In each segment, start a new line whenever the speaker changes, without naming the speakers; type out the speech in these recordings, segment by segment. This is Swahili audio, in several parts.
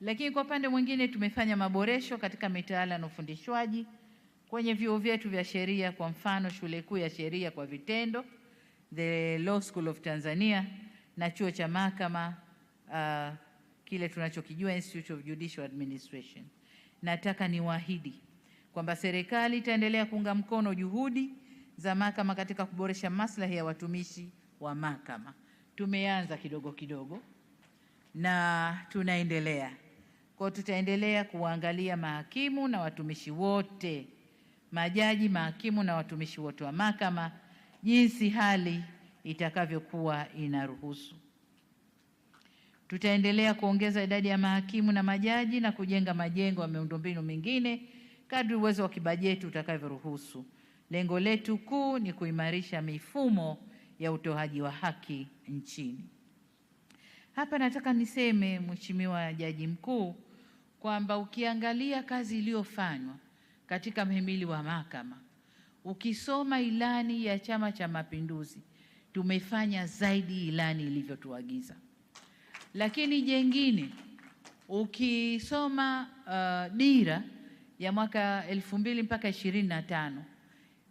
Lakini kwa upande mwingine tumefanya maboresho katika mitaala na ufundishwaji kwenye vyuo vyetu vya sheria. Kwa mfano, shule kuu ya sheria kwa vitendo, the Law School of Tanzania, na chuo cha mahakama uh, kile tunachokijua Institute of Judicial Administration. Nataka niwaahidi kwamba serikali itaendelea kuunga mkono juhudi za mahakama katika kuboresha maslahi ya watumishi wa mahakama. Tumeanza kidogo kidogo na tunaendelea. Kwa tutaendelea kuwaangalia mahakimu na watumishi wote, majaji, mahakimu na watumishi wote wa mahakama, jinsi hali itakavyokuwa inaruhusu. Tutaendelea kuongeza idadi ya mahakimu na majaji na kujenga majengo ya miundombinu mingine kadri uwezo wa kibajeti utakavyoruhusu. Lengo letu kuu ni kuimarisha mifumo ya utoaji wa haki nchini. Hapa nataka niseme, Mheshimiwa Jaji Mkuu, kwamba ukiangalia kazi iliyofanywa katika mhimili wa mahakama, ukisoma ilani ya Chama cha Mapinduzi, tumefanya zaidi ilani ilivyotuagiza. Lakini jengine ukisoma uh, dira ya mwaka elfu mbili mpaka ishirini na tano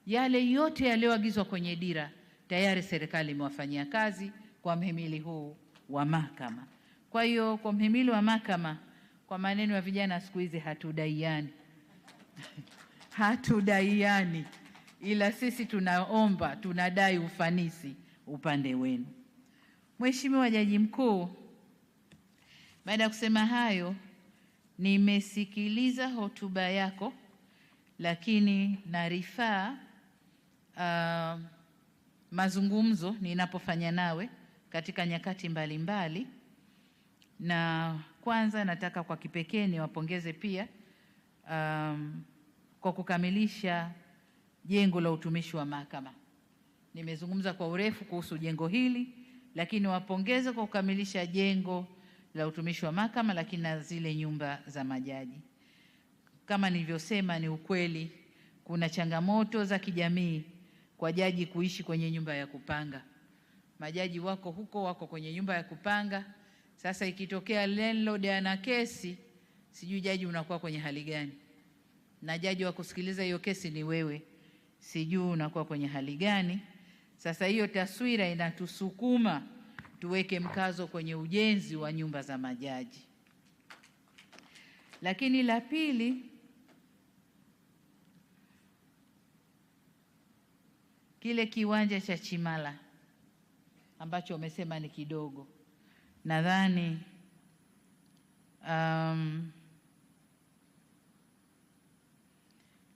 yale yote yaliyoagizwa kwenye dira tayari serikali imewafanyia kazi kwa mhimili huu wa mahakama. Kwa hiyo kwa mhimili wa mahakama kwa maneno ya vijana siku hizi, hatudaiani hatudaiani, ila sisi tunaomba, tunadai ufanisi upande wenu. Mheshimiwa Jaji Mkuu, baada ya kusema hayo, nimesikiliza hotuba yako, lakini na rifaa uh, mazungumzo ninapofanya nawe katika nyakati mbalimbali mbali, na kwanza nataka kwa kipekee niwapongeze pia um, kwa kukamilisha jengo la utumishi wa mahakama. Nimezungumza kwa urefu kuhusu jengo hili, lakini wapongeze kwa kukamilisha jengo la utumishi wa mahakama, lakini na zile nyumba za majaji. Kama nilivyosema, ni ukweli kuna changamoto za kijamii kwa jaji kuishi kwenye nyumba ya kupanga. Majaji wako huko, wako kwenye nyumba ya kupanga sasa ikitokea landlord ana kesi, sijui jaji unakuwa kwenye hali gani, na jaji wa kusikiliza hiyo kesi ni wewe, sijui unakuwa kwenye hali gani. Sasa hiyo taswira inatusukuma tuweke mkazo kwenye ujenzi wa nyumba za majaji. Lakini la pili, kile kiwanja cha Chimala ambacho umesema ni kidogo nadhani um,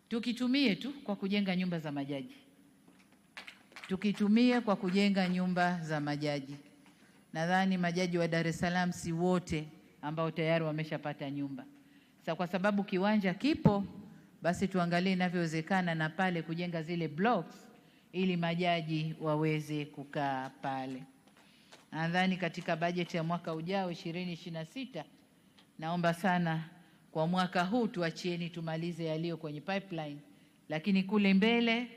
tukitumie tu kwa kujenga nyumba za majaji, tukitumie kwa kujenga nyumba za majaji. Nadhani majaji wa Dar es Salaam si wote ambao tayari wameshapata nyumba. Sasa kwa sababu kiwanja kipo, basi tuangalie inavyowezekana na pale kujenga zile blocks ili majaji waweze kukaa pale. Nadhani katika bajeti ya mwaka ujao 2026 naomba sana kwa mwaka huu tuachieni tumalize yaliyo kwenye pipeline, lakini kule mbele,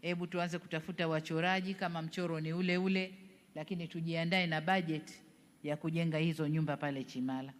hebu tuanze kutafuta wachoraji kama mchoro ni ule ule, lakini tujiandae na bajeti ya kujenga hizo nyumba pale Chimala.